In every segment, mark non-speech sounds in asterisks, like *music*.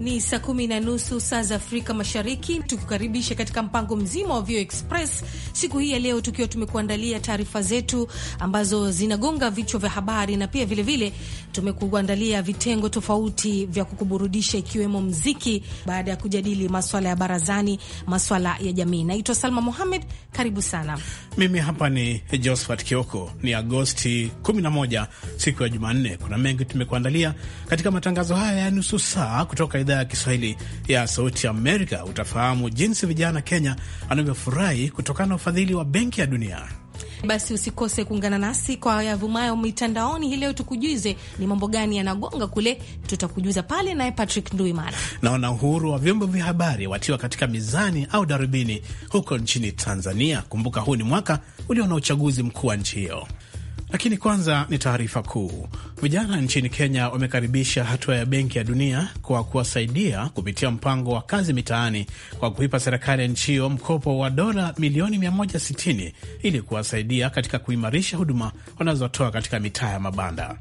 Ni saa kumi na nusu saa za Afrika Mashariki, tukukaribisha katika mpango mzima wa Vio Express siku hii ya leo, tukiwa tumekuandalia taarifa zetu ambazo zinagonga vichwa vya habari na pia vilevile tumekuandalia vitengo tofauti vya kukuburudisha ikiwemo mziki, baada ya kujadili maswala ya barazani, maswala ya jamii. Naitwa Salma Muhamed, karibu sana. Mimi hapa ni Josephat Kioko. Ni Agosti 11 siku ya Jumanne. Kuna mengi tumekuandalia katika matangazo haya ya nusu saa kutoka idhaa ya Kiswahili ya Sauti Amerika utafahamu jinsi vijana Kenya anavyofurahi kutokana na ufadhili wa Benki ya Dunia. Basi usikose kuungana nasi kwa yavumayo mitandaoni hii leo, tukujuze ni mambo gani yanagonga kule, tutakujuza pale. Naye Patrick Nduimana. Naona uhuru wa vyombo vya habari watiwa katika mizani au darubini huko nchini Tanzania. Kumbuka huu ni mwaka ulio na uchaguzi mkuu wa nchi hiyo, lakini kwanza ni taarifa kuu. Vijana nchini Kenya wamekaribisha hatua ya Benki ya Dunia kwa kuwasaidia kupitia mpango wa kazi mitaani kwa kuipa serikali ya nchi hiyo mkopo wa dola milioni 160 ili kuwasaidia katika kuimarisha huduma wanazotoa katika mitaa ya mabanda.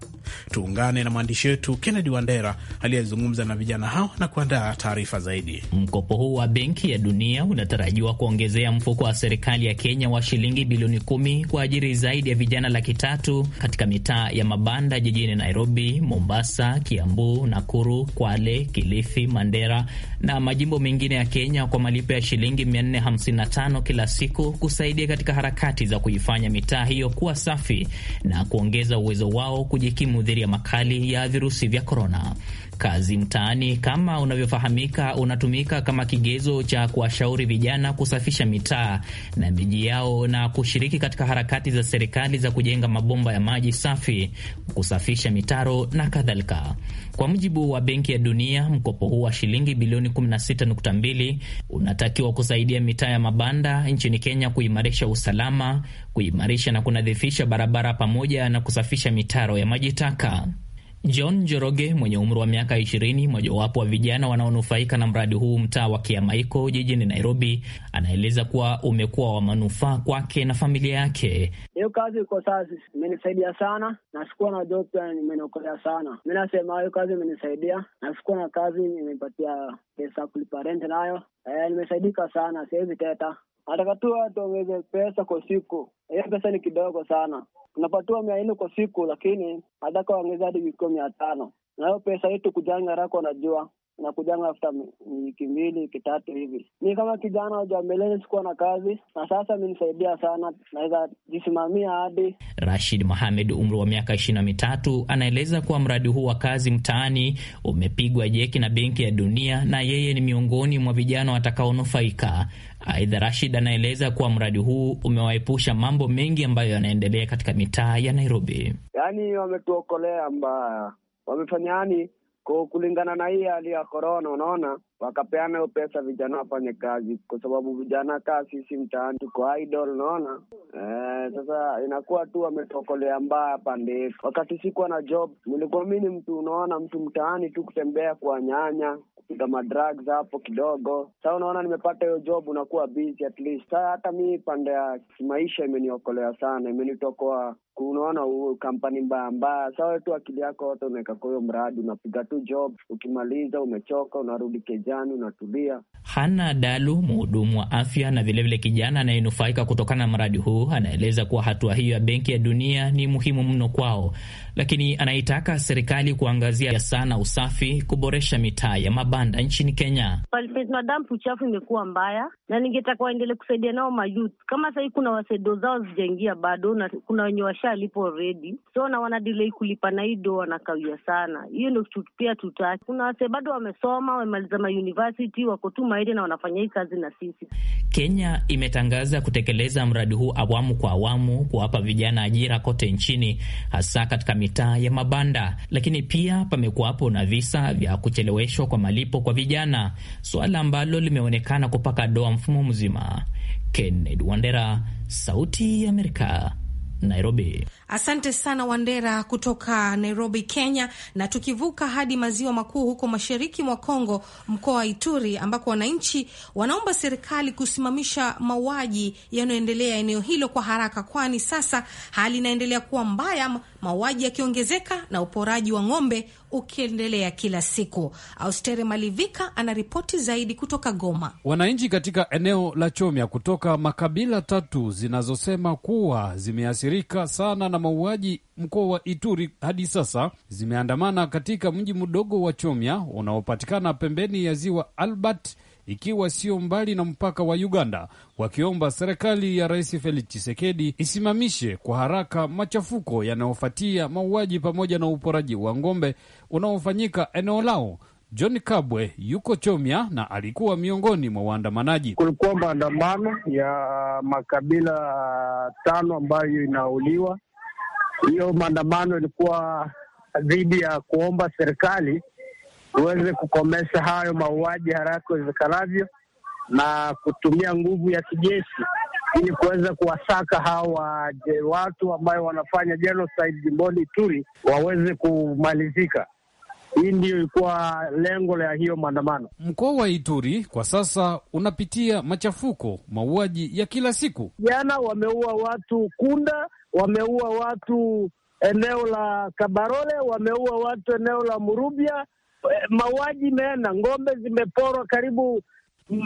Tuungane na mwandishi wetu Kennedy Wandera aliyezungumza na vijana hao na kuandaa taarifa zaidi. Mkopo huu wa Benki ya Dunia unatarajiwa kuongezea mfuko wa serikali ya Kenya wa shilingi bilioni 10 kwa ajili zaidi ya vijana laki tatu katika mitaa ya mabanda jijini jijini Nairobi, Mombasa, Kiambu, Nakuru, Kwale, Kilifi, Mandera na majimbo mengine ya Kenya kwa malipo ya shilingi 455 kila siku kusaidia katika harakati za kuifanya mitaa hiyo kuwa safi na kuongeza uwezo wao kujikimu dhidi ya makali ya virusi vya korona. Kazi mtaani kama unavyofahamika, unatumika kama kigezo cha kuwashauri vijana kusafisha mitaa na miji yao na kushiriki katika harakati za serikali za kujenga mabomba ya maji safi, kusafisha mitaro na kadhalika. Kwa mujibu wa Benki ya Dunia, mkopo huu wa shilingi bilioni 16.2 unatakiwa kusaidia mitaa ya mabanda nchini Kenya kuimarisha usalama, kuimarisha na kunadhifisha barabara pamoja na kusafisha mitaro ya maji taka. John Njoroge mwenye umri wa miaka ishirini mojawapo wa vijana wanaonufaika na mradi huu mtaa wa Kiamaiko jijini Nairobi, anaeleza kuwa umekuwa wa manufaa kwake na familia yake. Hiyo kazi iko sasa imenisaidia sana, na sikuwa na job pia imeniokolea sana. Mi nasema hiyo kazi imenisaidia, na sikuwa na kazi imepatia pesa kulipa rent nayo. E, nimesaidika sana, siwezi teta atakatua tu watu waweze pesa kwa siku, hiyo pesa ni kidogo sana. Tunapatiwa mia nne kwa siku, lakini nataka waongeze hadi vikiwa mia tano na hiyo pesa yetu kujanga rako, najua nakujanga afta wiki mbili wiki tatu hivi. Mi kama kijana wa sikuwa na kazi, na sasa amenisaidia sana, naweza jisimamia hadi. Rashid Mohamed, umri wa miaka ishirini na mitatu, anaeleza kuwa mradi huu wa kazi mtaani umepigwa jeki na Benki ya Dunia na yeye ni miongoni mwa vijana watakaonufaika. Aidha, Rashid anaeleza kuwa mradi huu umewaepusha mambo mengi ambayo yanaendelea katika mitaa ya Nairobi. Yaani wametuokolea mbaya, wamefanya yani kwa kulingana na hii hali ya korona, unaona, wakapeana pesa vijana wafanye kazi, kwa sababu vijana kaa sisi mtaani tuko idol, unaona e. Sasa inakuwa tu wametokolea mbaya pande yetu. Wakati sikuwa na job, nilikuwa mi ni mtu, unaona, mtu mtaani tu kutembea kwa nyanya kupiga madrugs hapo kidogo. Sa unaona, nimepata hiyo job, unakuwa busy at least. hata mi pande ya kimaisha imeniokolea sana, imenitokoa unaona kampani mbaya mbaya. Sawa tu akili yako wote unaweka hiyo mradi, unapiga tu job, ukimaliza umechoka, unarudi kejani, unatulia. Hana Dalu, mhudumu wa afya na vilevile kijana anayenufaika kutokana na mradi huu, anaeleza kuwa hatua hiyo ya Benki ya Dunia ni muhimu mno kwao, lakini anaitaka serikali kuangazia sana usafi, kuboresha mitaa ya mabanda nchini Kenya. Madampu uchafu imekuwa mbaya, na ningetaka waendelee kusaidia nao mayouth. Kama sahii kuna wasedo zao zijaingia bado, na kuna wenye alipo redi so na wana delay kulipa na hii do wanakawia sana. Hiyo ndo kitu pia tutaki. Kuna wase bado wamesoma wamemaliza mauniversity wako tu maidi na wanafanya hii kazi na sisi. Kenya imetangaza kutekeleza mradi huu awamu kwa awamu, kuwapa vijana ajira kote nchini, hasa katika mitaa ya mabanda, lakini pia pamekuwapo na visa vya kucheleweshwa kwa malipo kwa vijana, suala ambalo limeonekana kupaka doa mfumo mzima. kenned Wandera, Sauti ya Amerika, Nairobi. Asante sana Wandera kutoka Nairobi, Kenya. Na tukivuka hadi maziwa makuu huko mashariki mwa Kongo, mkoa wa Ituri, ambako wananchi wanaomba serikali kusimamisha mauaji yanayoendelea eneo hilo kwa haraka, kwani sasa hali inaendelea kuwa mbaya, mauaji yakiongezeka na uporaji wa ng'ombe ukiendelea kila siku. Austere Malivika anaripoti zaidi kutoka Goma. Wananchi katika eneo la Chomya kutoka makabila tatu zinazosema kuwa zimeasi walioathirika sana na mauaji mkoa wa Ituri hadi sasa zimeandamana katika mji mdogo wa Chomya unaopatikana pembeni ya ziwa Albert ikiwa sio mbali na mpaka wa Uganda, wakiomba serikali ya Rais Felix Tshisekedi isimamishe kwa haraka machafuko yanayofuatia mauaji pamoja na uporaji wa ng'ombe unaofanyika eneo lao John Kabwe yuko Chomya na alikuwa miongoni mwa waandamanaji. Kulikuwa maandamano ya makabila tano ambayo inauliwa. Hiyo maandamano ilikuwa dhidi ya kuomba serikali iweze kukomesha hayo mauaji haraka iwezekanavyo na kutumia nguvu ya kijeshi ili kuweza kuwasaka hawa watu ambayo wanafanya genocide jimboni Ituri waweze kumalizika. Hii ndiyo ilikuwa lengo la hiyo maandamano. Mkoa wa Ituri kwa sasa unapitia machafuko, mauaji ya kila siku. Jana wameua watu Kunda, wameua watu eneo la Kabarole, wameua watu eneo la Murubia. Eh, mauaji imeenda, ng'ombe zimeporwa karibu mm,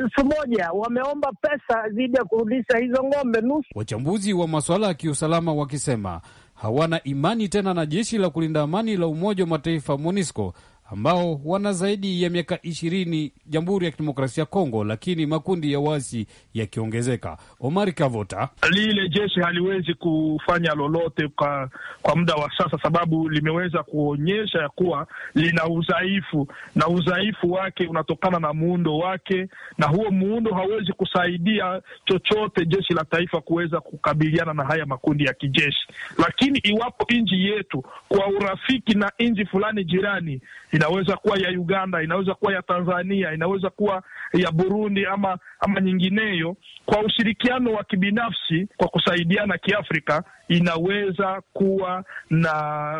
elfu moja. Wameomba pesa zidi ya kurudisha hizo ng'ombe nusu. Wachambuzi wa masuala ya kiusalama wakisema hawana imani tena na jeshi la kulinda amani la Umoja wa Mataifa MONUSCO ambao wana zaidi ya miaka ishirini Jamhuri ya Kidemokrasia ya Kongo, lakini makundi ya wazi yakiongezeka. Omar Kavota, lile jeshi haliwezi kufanya lolote kwa, kwa muda wa sasa, sababu limeweza kuonyesha ya kuwa lina udhaifu, na udhaifu wake unatokana na muundo wake, na huo muundo hauwezi kusaidia chochote jeshi la taifa kuweza kukabiliana na haya makundi ya kijeshi. Lakini iwapo nchi yetu kwa urafiki na nchi fulani jirani inaweza kuwa ya Uganda, inaweza kuwa ya Tanzania, inaweza kuwa ya Burundi ama ama nyingineyo, kwa ushirikiano wa kibinafsi, kwa kusaidiana kiafrika, inaweza kuwa na,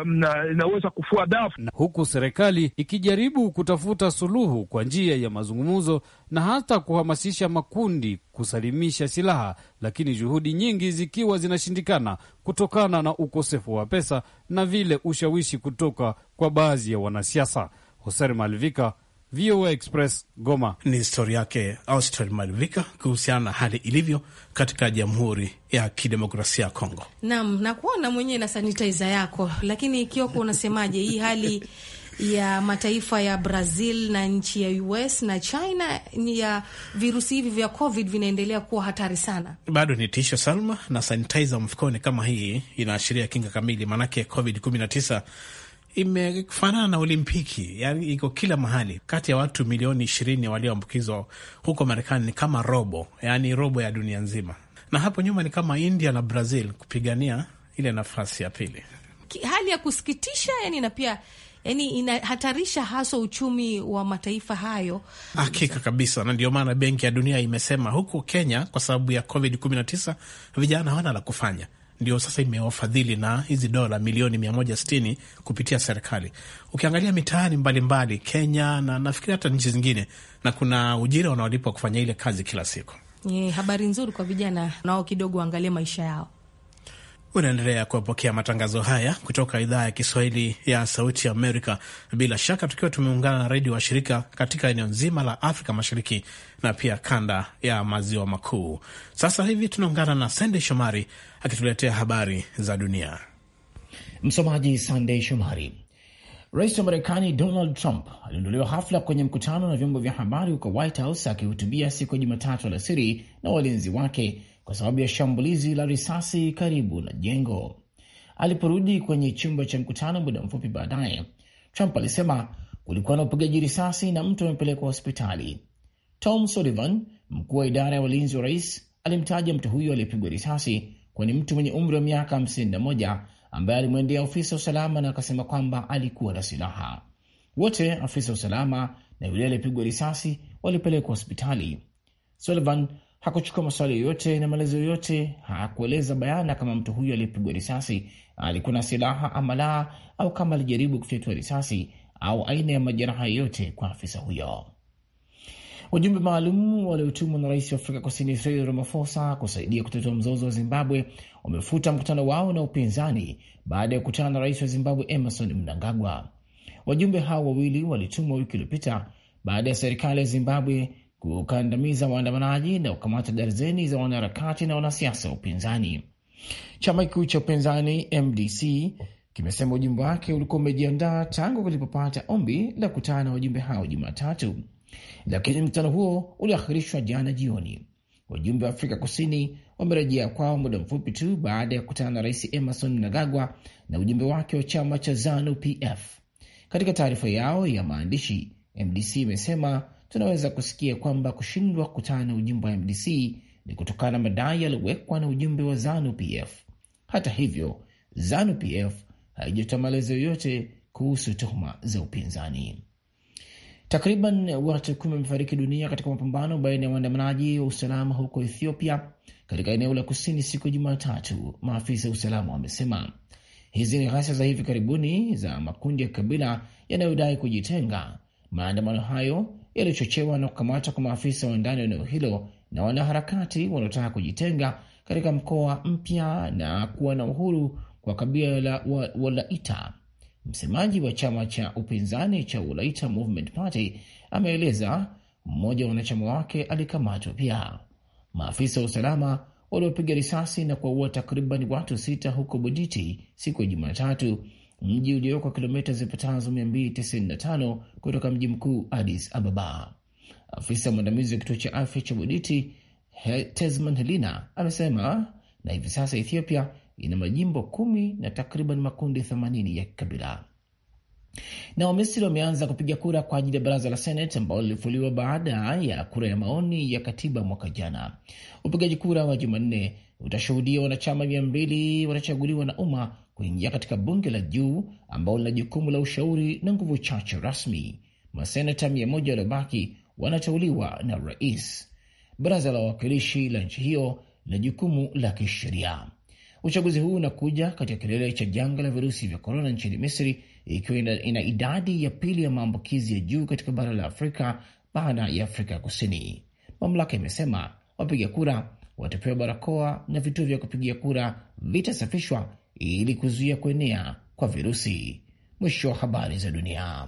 na inaweza kufua dafu, huku serikali ikijaribu kutafuta suluhu kwa njia ya mazungumzo na hata kuhamasisha makundi kusalimisha silaha, lakini juhudi nyingi zikiwa zinashindikana kutokana na ukosefu wa pesa na vile ushawishi kutoka kwa baadhi ya wanasiasa. Hoser Malvika, VOA Express Goma. Ni historia yake Austral Malivika kuhusiana na hali ilivyo katika Jamhuri ya Kidemokrasia ya Kongo. Naam, nakuona mwenyewe na sanitizer yako, lakini Kioko, unasemaje hii hali ya mataifa ya Brazil na nchi ya US na China ni ya virusi hivi vya COVID vinaendelea kuwa hatari sana. Bado ni tisho Salma, na sanitizer mfukoni kama hii inaashiria kinga kamili, maanake COVID 19 imefanana na Olimpiki, yani iko kila mahali. Kati ya watu milioni ishirini walioambukizwa huko Marekani ni kama robo, yani robo ya dunia nzima, na hapo nyuma ni kama India na Brazil kupigania ile nafasi ya pili. Hali ya kusikitisha yani, na pia yani inahatarisha haswa uchumi wa mataifa hayo, hakika kabisa. Na ndio maana Benki ya Dunia imesema huko Kenya, kwa sababu ya COVID 19 vijana hawana la kufanya ndio sasa imewafadhili na hizi dola milioni 160 kupitia serikali. Ukiangalia mitaani mbalimbali Kenya na nafikiri hata nchi zingine, na kuna ujira wanaolipwa kufanya ile kazi kila siku. Ye, habari nzuri kwa vijana nao kidogo waangalie maisha yao. Unaendelea kuwapokea matangazo haya kutoka idhaa ya Kiswahili ya Sauti Amerika, bila shaka tukiwa tumeungana na redio wa shirika katika eneo nzima la Afrika Mashariki na pia kanda ya Maziwa Makuu. Sasa hivi tunaungana na Sandey Shomari akituletea habari za dunia. Msomaji Sandey Shomari. Rais wa Marekani Donald Trump aliondolewa hafla kwenye mkutano na vyombo vya habari huko White House akihutubia siku ya Jumatatu alasiri na walinzi wake kwa sababu ya shambulizi la risasi karibu na jengo. Aliporudi kwenye chumba cha mkutano muda mfupi baadaye, Trump alisema kulikuwa na upigaji risasi na mtu amepelekwa hospitali. Tom Sullivan, mkuu wa idara ya walinzi wa rais, alimtaja mtu huyo aliyepigwa risasi kuwa ni mtu mwenye umri wa miaka 51 ambaye alimwendea ofisa usalama na akasema kwamba alikuwa na silaha. Wote afisa usalama na yule aliyepigwa risasi walipelekwa hospitali. Sullivan hakuchukua maswali yoyote na maelezo yoyote. Hakueleza bayana kama mtu huyo aliyepigwa risasi alikuwa na silaha ama la, au kama alijaribu kufyatua risasi au aina ya majeraha yoyote kwa afisa huyo. Wajumbe maalum waliotumwa na rais wa Afrika Kusini Cyril Ramaphosa kusaidia kutatua mzozo wa Zimbabwe wamefuta mkutano wao na upinzani baada ya kukutana na rais wa Zimbabwe Emerson Mnangagwa. Wajumbe hao wawili walitumwa wiki iliyopita baada ya serikali ya Zimbabwe kukandamiza waandamanaji na kukamata darzeni za wanaharakati na wanasiasa wa upinzani. Chama kikuu cha upinzani MDC kimesema ujumbe wake ulikuwa umejiandaa tangu kulipopata ombi la kutana na wajumbe hao Jumatatu, lakini mkutano huo uliahirishwa jana jioni. Wajumbe wa Afrika Kusini wamerejea kwao muda mfupi tu baada ya kukutana na Rais Emerson Mnangagwa na ujumbe wake wa chama cha ZANU PF. Katika taarifa yao ya maandishi, MDC imesema tunaweza kusikia kwamba kushindwa kukutana na ujumbe wa MDC ni kutokana na madai yaliyowekwa na ujumbe wa PF. Hata hivyo, PF haijatoa maelezo yoyote kuhusu tuhuma za upinzani. Takriban watu kumi wamefariki dunia katika mapambano baina ya waandamanaji wa usalama huko Ethiopia, katika eneo la kusini siku ya Jumatatu, maafisa wa usalama wamesema. Hizi ni ghasia za hivi karibuni za makundi ya kabila yanayodai kujitenga. Maandamano hayo yaliyochochewa na kukamatwa kwa maafisa wa ndani wa eneo hilo na wanaharakati wanaotaka kujitenga katika mkoa mpya na kuwa na uhuru kwa kabila la Walaita. Msemaji wa chama cha upinzani cha Walaita Movement Party ameeleza mmoja wa wanachama wake alikamatwa pia. Maafisa wa usalama waliopiga risasi na kuwaua takriban watu sita huko Buditi siku ya Jumatatu mji ulioko kilomita zipatazo 295 kutoka mji mkuu Addis Ababa. Afisa mwandamizi wa kituo cha afya cha Buditi He, Tesman Helina amesema, na hivi sasa Ethiopia ina majimbo kumi na takriban makundi 80 ya kikabila. Na Wamisri wameanza kupiga kura kwa ajili ya baraza la Senate ambalo lilifuliwa baada ya kura ya maoni ya katiba mwaka jana. Upigaji kura wa Jumanne utashuhudia wanachama mia mbili watachaguliwa na umma kuingia katika bunge la juu ambao lina jukumu la ushauri na nguvu chache rasmi. Maseneta mia moja waliobaki wanateuliwa na rais. Baraza la wawakilishi la nchi hiyo lina jukumu la kisheria. Uchaguzi huu unakuja katika kilele cha janga la virusi vya korona nchini Misri, ikiwa ina idadi ya pili ya maambukizi ya juu katika bara la Afrika baada ya Afrika Kusini. Mamlaka imesema wapiga kura watapewa barakoa na vituo vya kupigia kura vitasafishwa ili kuzuia kuenea kwa virusi. Mwisho wa habari za dunia.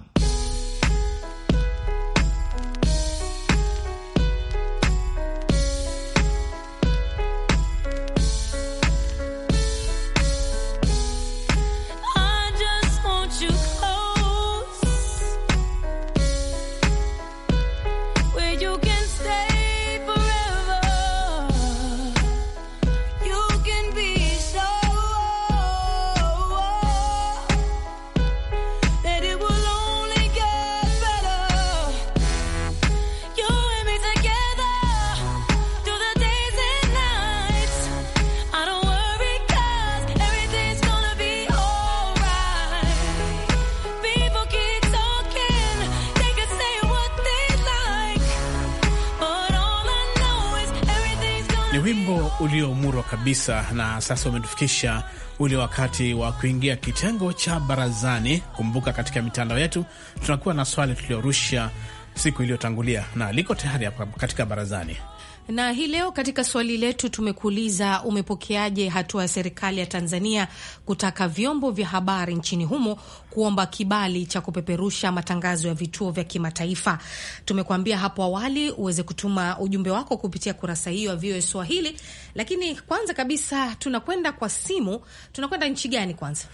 kabisa, na sasa umetufikisha ule wakati wa kuingia kitengo cha barazani. Kumbuka katika mitandao yetu tunakuwa na swali tuliorusha siku iliyotangulia na liko tayari hapa katika barazani. Na hii leo katika swali letu tumekuuliza umepokeaje hatua ya serikali ya Tanzania kutaka vyombo vya habari nchini humo kuomba kibali cha kupeperusha matangazo ya vituo vya kimataifa. Tumekuambia hapo awali uweze kutuma ujumbe wako kupitia kurasa hiyo ya VOA Swahili, lakini kwanza kabisa tunakwenda kwa simu. Tunakwenda nchi gani kwanza?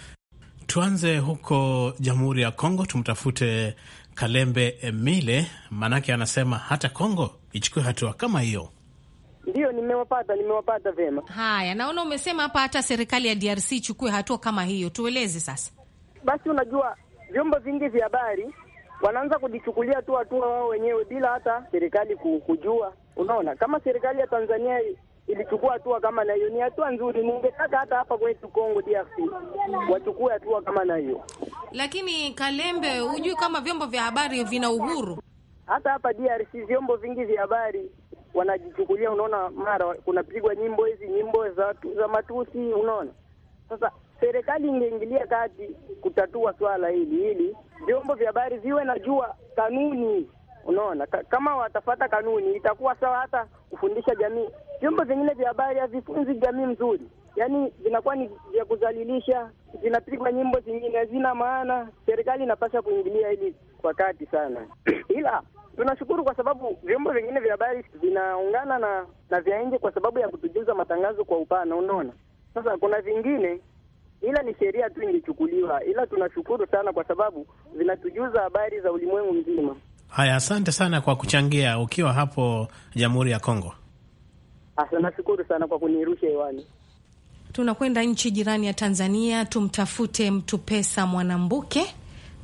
Tuanze huko Jamhuri ya Kongo, tumtafute Kalembe Emile, maanake anasema hata Kongo ichukue hatua kama hiyo. Ndiyo, nimewapata nimewapata vyema. Haya, naona umesema hapa hata serikali ya DRC ichukue hatua kama hiyo, tueleze sasa basi. Unajua, vyombo vingi vya habari wanaanza kujichukulia tu hatua wao wenyewe bila hata serikali kujua. Unaona, kama serikali ya Tanzania ilichukua hatua kama na hiyo, ni hatua nzuri. Ningetaka hata hapa kwetu Kongo DRC wachukue hatua kama na hiyo, lakini Kalembe, hujui kama vyombo vya habari vina uhuru hata hapa DRC vyombo vingi vya habari wanajichukulia, unaona, mara kunapigwa nyimbo hizi nyimbo za, za matusi, unaona. Sasa serikali ingeingilia kati kutatua swala hili ili vyombo vya habari viwe najua kanuni, unaona. Kama watafata kanuni itakuwa sawa, hata kufundisha jamii. Vyombo vingine vya habari havifunzi jamii mzuri, yaani vinakuwa ni vya kuzalilisha vinapigwa nyimbo zingine hazina maana. Serikali inapasha kuingilia hili kwa kati sana *clears throat* ila tunashukuru kwa sababu vyombo vingine vya habari vinaungana na na vya nje kwa sababu ya kutujuza matangazo kwa upana, unaona. Sasa kuna vingine ila ni sheria tu ingechukuliwa, ila tunashukuru sana kwa sababu vinatujuza habari za ulimwengu mzima. Haya, asante sana kwa kuchangia ukiwa hapo Jamhuri ya Kongo. Asa, ah, nashukuru sana kwa kunirusha hewani. Tunakwenda nchi jirani ya Tanzania, tumtafute mtu pesa Mwanambuke,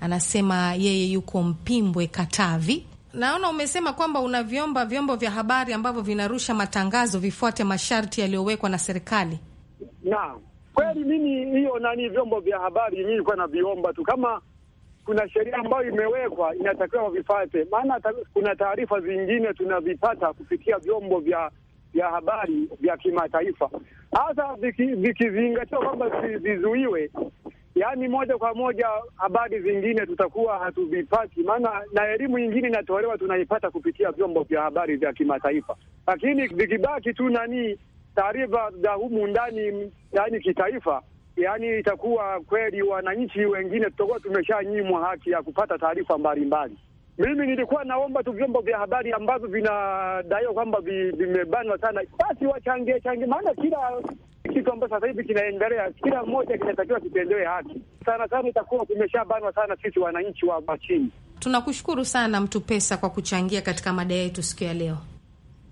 anasema yeye yuko Mpimbwe, Katavi. Naona umesema kwamba una vyomba vyombo vya habari ambavyo vinarusha matangazo vifuate masharti yaliyowekwa na serikali. Naam, kweli mimi hiyo nani, vyombo vya habari mimi nilikuwa naviomba tu, kama kuna sheria ambayo imewekwa inatakiwa wavifate, maana ta, kuna taarifa zingine tunavipata kupitia vyombo vya vya habari vya kimataifa, hasa vikizingatiwa kwamba vizuiwe, yaani moja kwa moja habari zingine tutakuwa hatuvipati, maana na elimu nyingine inatolewa tunaipata kupitia vyombo vya habari vya kimataifa, lakini vikibaki tu nani taarifa za humu ndani, yaani kitaifa, yaani itakuwa kweli wananchi wengine tutakuwa tumeshanyimwa haki ya kupata taarifa mbalimbali. Mimi nilikuwa naomba tu vyombo vya habari ambavyo vinadaiwa kwamba vimebanwa sana, basi wachangie maana kila kitu ambacho sasa hivi kinaendelea, kila mmoja kinatakiwa kitendewe haki. Sana sana itakuwa kimeshabanwa sana sisi wananchi wa machini. Tunakushukuru sana mtu pesa kwa kuchangia katika mada yetu siku ya leo.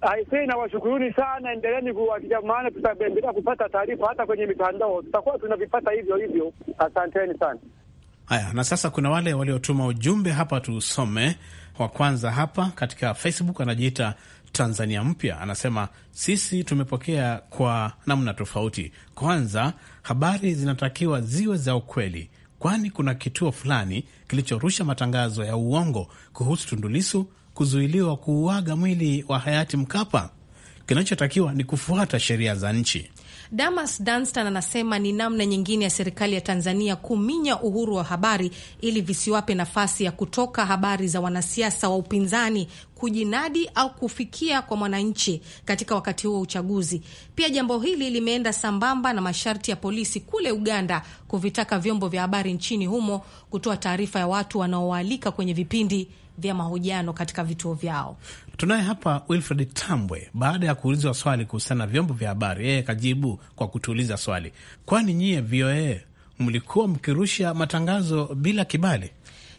Aisee, nawashukuruni sana, endeleni kuwatia, maana tutaendelea kupata taarifa hata kwenye mitandao, tutakuwa tunavipata hivyo hivyo. Asanteni sana. Haya, na sasa kuna wale waliotuma ujumbe hapa, tuusome. Wa kwanza hapa katika Facebook anajiita Tanzania mpya anasema sisi tumepokea kwa namna tofauti. Kwanza, habari zinatakiwa ziwe za ukweli, kwani kuna kituo fulani kilichorusha matangazo ya uongo kuhusu Tundulisu kuzuiliwa kuuaga mwili wa hayati Mkapa. Kinachotakiwa ni kufuata sheria za nchi. Damas Danstan anasema ni namna nyingine ya serikali ya Tanzania kuminya uhuru wa habari ili visiwape nafasi ya kutoka habari za wanasiasa wa upinzani kujinadi au kufikia kwa mwananchi katika wakati huo wa uchaguzi. Pia jambo hili limeenda sambamba na masharti ya polisi kule Uganda kuvitaka vyombo vya habari nchini humo kutoa taarifa ya watu wanaowaalika kwenye vipindi vya mahojiano katika vituo vyao. Tunaye hapa Wilfred Tambwe, baada ya kuulizwa swali kuhusiana na vyombo vya habari, yeye kajibu kwa kutuuliza swali, kwani nyie VOA mlikuwa mkirusha matangazo bila kibali?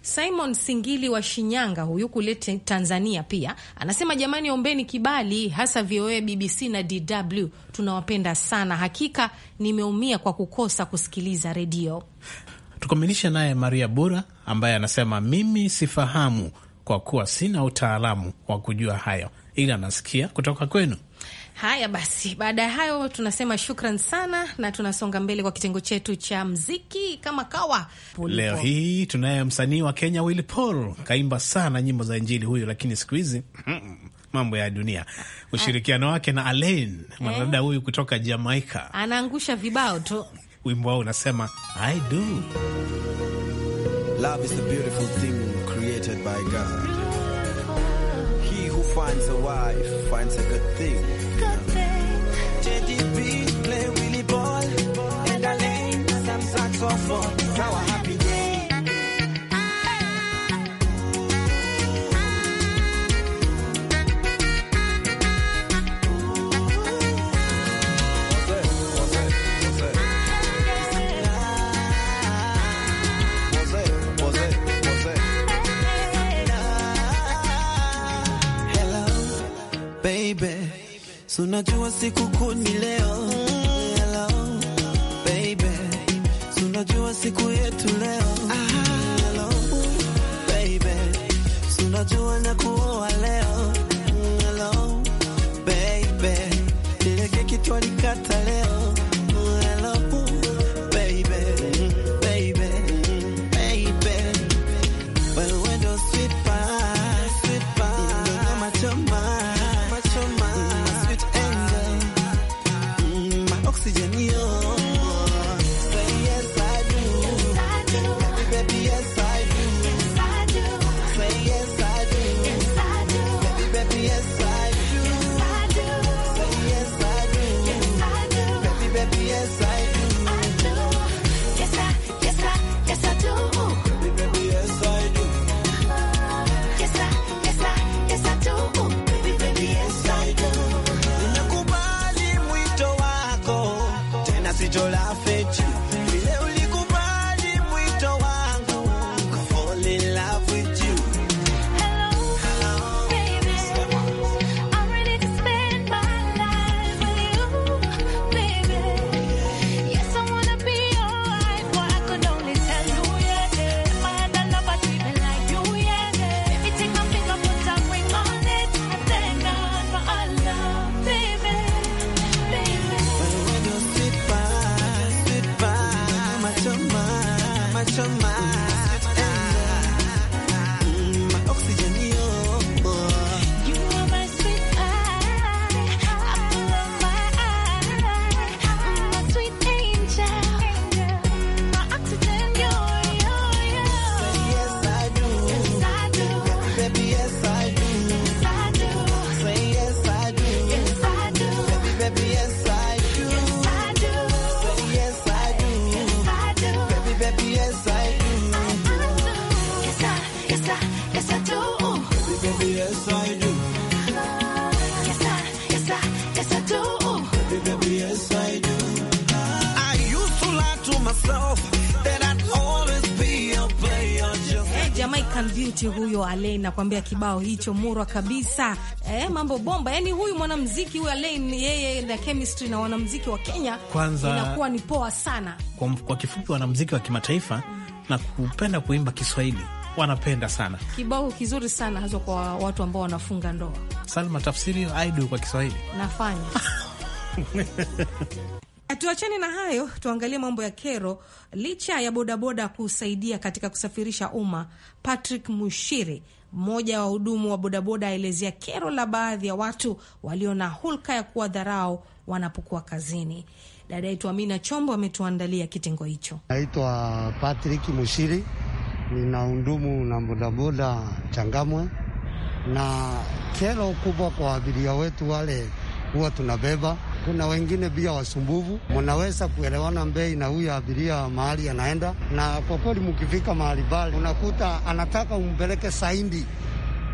Simon Singili wa Shinyanga, huyu kule Tanzania pia anasema, jamani, ombeni kibali hasa VOA, BBC na DW, tunawapenda sana. Hakika nimeumia kwa kukosa kusikiliza redio. Tukamilishe naye Maria Bura ambaye anasema, mimi sifahamu kwa kuwa sina utaalamu wa kujua hayo, ila nasikia kutoka kwenu. Haya basi, baada ya hayo tunasema shukran sana na tunasonga mbele kwa kitengo chetu cha mziki kama kawa. Leo hii tunaye msanii wa Kenya Willy Paul, kaimba sana nyimbo za Injili huyu, lakini siku hizi *laughs* mambo ya dunia, ushirikiano wake na Alain eh? mwanadada huyu kutoka Jamaika anaangusha vibao tu. Wimbo wao unasema I do Love is the beautiful thing created by God. He who finds a wife finds a good thing kutamani Eh, Jamaican Beauty huyo Alain nakwambia, kibao hicho murwa kabisa eh, mambo bomba. Yani huyu mwanamuziki huyu Alain, yeye na chemistry na wanamuziki wa Kenya kwanza inakuwa ni poa sana. Kwa, kwa kifupi wanamuziki wa kimataifa na kupenda kuimba Kiswahili wanapenda sana kibao kizuri sana hasa kwa watu ambao wanafunga ndoa. Salma, tafsiri aidu kwa Kiswahili nafanya *laughs* Eh, tuachane na hayo, tuangalie mambo ya kero. Licha ya bodaboda kusaidia katika kusafirisha umma, Patrick Mushiri, mmoja wa wahudumu wa bodaboda, aelezea kero la baadhi ya watu walio na hulka ya kuwadharau wanapokuwa kazini. Dada yetu Amina Chombo ametuandalia kitengo hicho. Naitwa Patrick Mushiri, nina hudumu na bodaboda Changamwe, na kero kubwa kwa abiria wetu wale huwa tunabeba. Kuna wengine pia wasumbuvu, mnaweza kuelewana mbei na huyo abiria mahali anaenda, na kwa kweli mkifika mahali pale unakuta anataka umpeleke saindi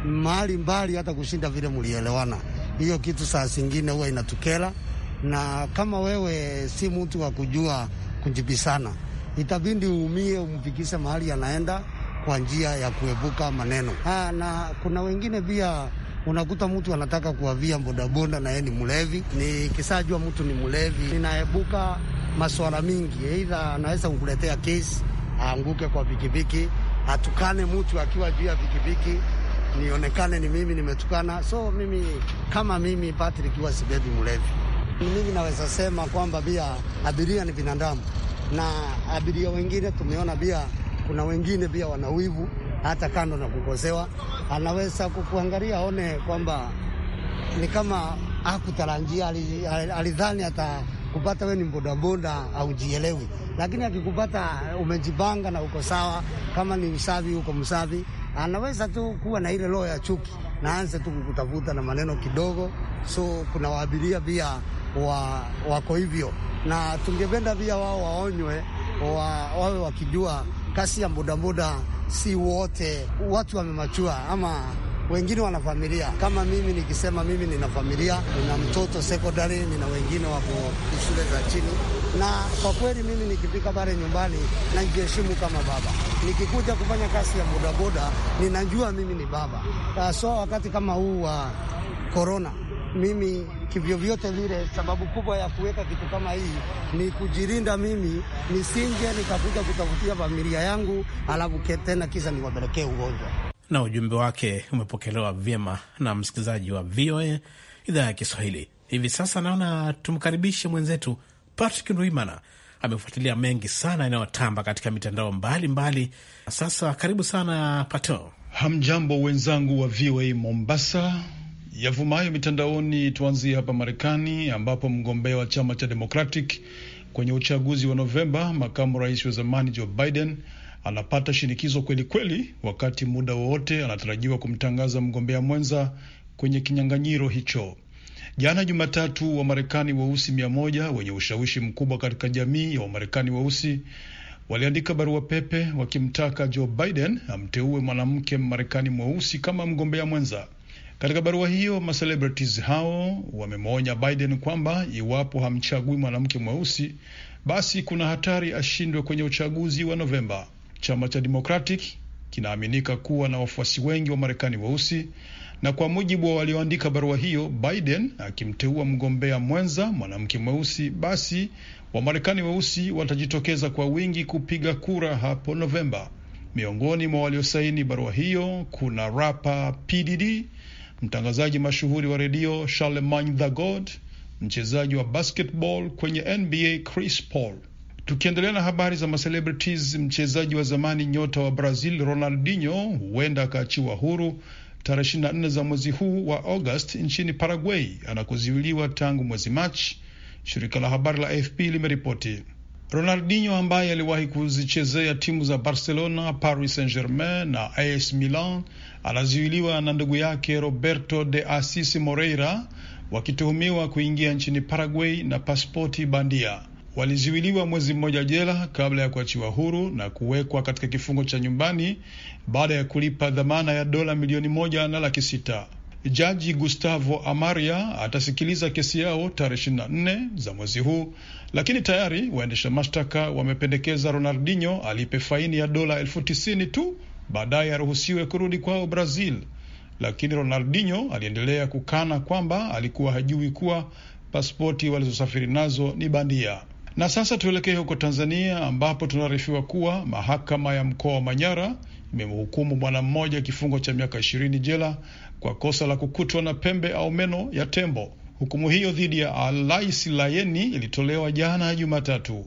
mahali mbali hata kushinda vile mlielewana. Hiyo kitu saa zingine huwa inatukela na kama wewe si mtu wa kujua kujibisana, itabidi uumie, umfikishe mahali anaenda kwa njia ya kuepuka maneno ha, na kuna wengine pia Unakuta mtu anataka kuavia bodaboda na yeye ni mlevi. Nikisajua mtu ni mlevi, ninaebuka maswala mingi, aidha anaweza kukuletea kesi, aanguke kwa pikipiki, atukane mtu akiwa juu ya pikipiki nionekane ni mimi nimetukana. So mimi kama mimi Patrick huwa sibebi mlevi. Mimi naweza sema kwamba pia abiria ni binadamu, na abiria wengine tumeona pia kuna wengine pia wanawivu hata kando na kukosewa, anaweza kukuangalia aone kwamba ni kama hakutarajia, alidhani hata kupata we ni bodaboda au jielewi, lakini akikupata umejipanga na uko sawa, kama ni msavi uko msafi, anaweza tu kuwa na ile roho ya chuki na anze tu kukutafuta na maneno kidogo. So kuna waabiria pia wa, wako hivyo, na tungependa pia wao waonywe, wawe wakijua kasi ya bodaboda si wote watu wamemachua, ama wengine wana familia. Kama mimi nikisema mimi nina familia, nina mtoto sekondari, nina wengine wako shule za chini, na kwa kweli mimi nikifika pale nyumbani najiheshimu kama baba. Nikikuja kufanya kazi ya bodaboda, ninajua mimi ni baba. Ah, so wakati kama huu wa korona, mimi kivyovyote vile. Sababu kubwa ya kuweka kitu kama hii ni kujirinda mimi nisinje nikakuja kutafutia familia yangu, alafu tena kisa niwapelekee ugonjwa. Na ujumbe wake umepokelewa vyema na msikilizaji wa VOA idhaa ya Kiswahili. Hivi sasa naona tumkaribishe mwenzetu Patrick Ndwimana amefuatilia mengi sana yanayotamba katika mitandao mbalimbali. Sasa karibu sana Pato. Hamjambo wenzangu wa VOA Mombasa. Yavumayo mitandaoni. Tuanzie hapa Marekani, ambapo mgombea wa chama cha Democratic kwenye uchaguzi wa Novemba, makamu rais wa zamani Joe Biden anapata shinikizo kweli kweli, wakati muda wowote anatarajiwa kumtangaza mgombea mwenza kwenye kinyang'anyiro hicho. Jana Jumatatu, Wamarekani weusi mia moja wenye ushawishi mkubwa katika jamii ya Wamarekani weusi waliandika barua pepe wakimtaka Joe Biden amteue mwanamke Mmarekani mweusi kama mgombea mwenza. Katika barua hiyo macelebrities hao wamemwonya Biden kwamba iwapo hamchagui mwanamke mweusi, basi kuna hatari ashindwe kwenye uchaguzi wa Novemba. Chama cha Democratic kinaaminika kuwa na wafuasi wengi wa Marekani weusi, na kwa mujibu wa walioandika barua hiyo, Biden akimteua mgombea mwenza mwanamke mweusi, basi Wamarekani weusi watajitokeza kwa wingi kupiga kura hapo Novemba. Miongoni mwa waliosaini barua hiyo kuna rapa PDD mtangazaji mashuhuri wa redio Charlemagne the God, mchezaji wa basketball kwenye NBA Chris Paul. Tukiendelea na habari za macelebrities, mchezaji wa zamani nyota wa Brazil Ronaldinho huenda akaachiwa huru tarehe 24 za mwezi huu wa August nchini Paraguay anakozuiliwa tangu mwezi Machi, shirika la habari la AFP limeripoti. Ronaldinho ambaye aliwahi kuzichezea timu za Barcelona, Paris Saint Germain na AS Milan anazuiliwa na ndugu yake Roberto de Assis Moreira wakituhumiwa kuingia nchini Paraguay na pasipoti bandia. waliziwiliwa mwezi mmoja jela kabla ya kuachiwa huru na kuwekwa katika kifungo cha nyumbani baada ya kulipa dhamana ya dola milioni moja na laki sita. Jaji Gustavo Amaria atasikiliza kesi yao tarehe nne za mwezi huu, lakini tayari waendesha mashtaka wamependekeza Ronaldinho alipe faini ya dola elfu tisini tu baadaye aruhusiwe kurudi kwao Brazil, lakini Ronaldinho aliendelea kukana kwamba alikuwa hajui kuwa pasipoti walizosafiri nazo ni bandia. Na sasa tuelekee huko Tanzania ambapo tunaarifiwa kuwa mahakama ya mkoa wa Manyara imemhukumu bwana mmoja kifungo cha miaka ishirini jela kwa kosa la kukutwa na pembe au meno ya tembo. Hukumu hiyo dhidi ya alaisi layeni ilitolewa jana Jumatatu.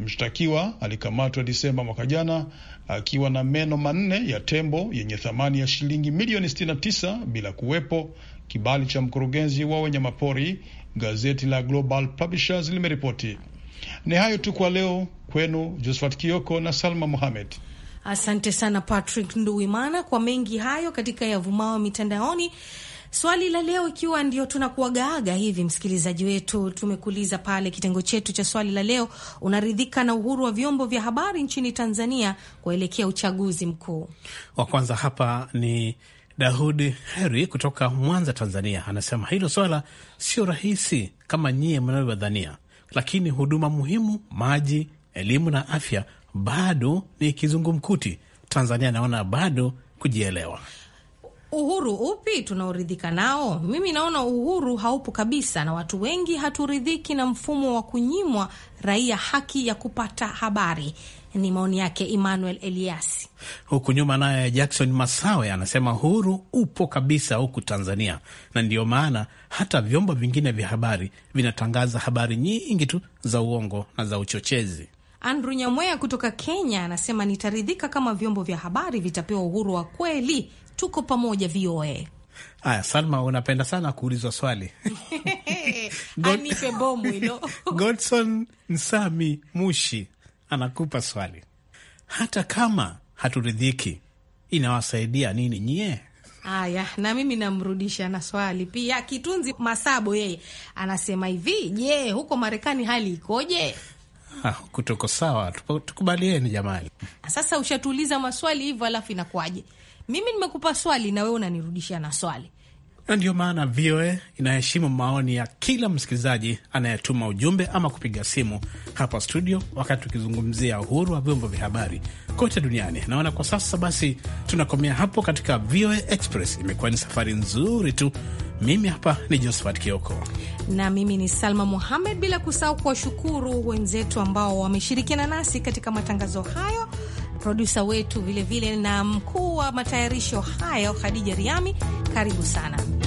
Mshtakiwa alikamatwa Disemba mwaka jana akiwa na meno manne ya tembo yenye thamani ya shilingi milioni 69 bila kuwepo kibali cha mkurugenzi wa wanyamapori, gazeti la Global Publishers limeripoti. Ni hayo tu kwa leo. Kwenu Josephat Kioko na Salma Mohamed. Asante sana Patrick Nduwimana kwa mengi hayo katika yavumao mitandaoni. Swali la leo, ikiwa ndio tunakuagaaga hivi, msikilizaji wetu, tumekuuliza pale kitengo chetu cha swali la leo, unaridhika na uhuru wa vyombo vya habari nchini Tanzania kuelekea uchaguzi mkuu? Wa kwanza hapa ni Dahudi Heri kutoka Mwanza, Tanzania, anasema hilo swala sio rahisi kama nyie mnavyodhania, lakini huduma muhimu, maji, elimu na afya bado ni kizungumkuti. Tanzania naona bado kujielewa uhuru upi tunaoridhika nao? Mimi naona uhuru haupo kabisa, na watu wengi haturidhiki na mfumo wa kunyimwa raia haki ya kupata habari. Ni maoni yake Emmanuel Eliasi. Huku nyuma naye Jackson Masawe anasema uhuru upo kabisa huku Tanzania, na ndiyo maana hata vyombo vingine vya habari vinatangaza habari nyingi tu za uongo na za uchochezi. Andrew Nyamwea kutoka Kenya anasema nitaridhika kama vyombo vya habari vitapewa uhuru wa kweli tuko pamoja VOA. Aya, Salma, unapenda sana kuulizwa swali anipe bomu hilo Godson Nsami Mushi anakupa swali, hata kama haturidhiki inawasaidia nini nyie? Haya, na mimi namrudisha na swali pia. Kitunzi Masabo yeye anasema hivi, je, huko Marekani hali ikoje? Huku tuko sawa, tukubalieni jamani. Sasa ushatuuliza maswali hivyo, alafu inakuwaje? mimi nimekupa swali na wewe unanirudishia na swali na ndiyo maana VOA inaheshimu maoni ya kila msikilizaji anayetuma ujumbe ama kupiga simu hapa studio, wakati tukizungumzia uhuru wa vyombo vya habari kote duniani. Naona kwa sasa basi tunakomea hapo katika VOA Express. Imekuwa ni safari nzuri tu. Mimi hapa ni Josephat Kioko na mimi ni Salma Muhamed, bila kusahau kuwashukuru wenzetu ambao wameshirikiana nasi katika matangazo hayo produsa wetu vilevile vile na mkuu wa matayarisho hayo Khadija Riami. Karibu sana.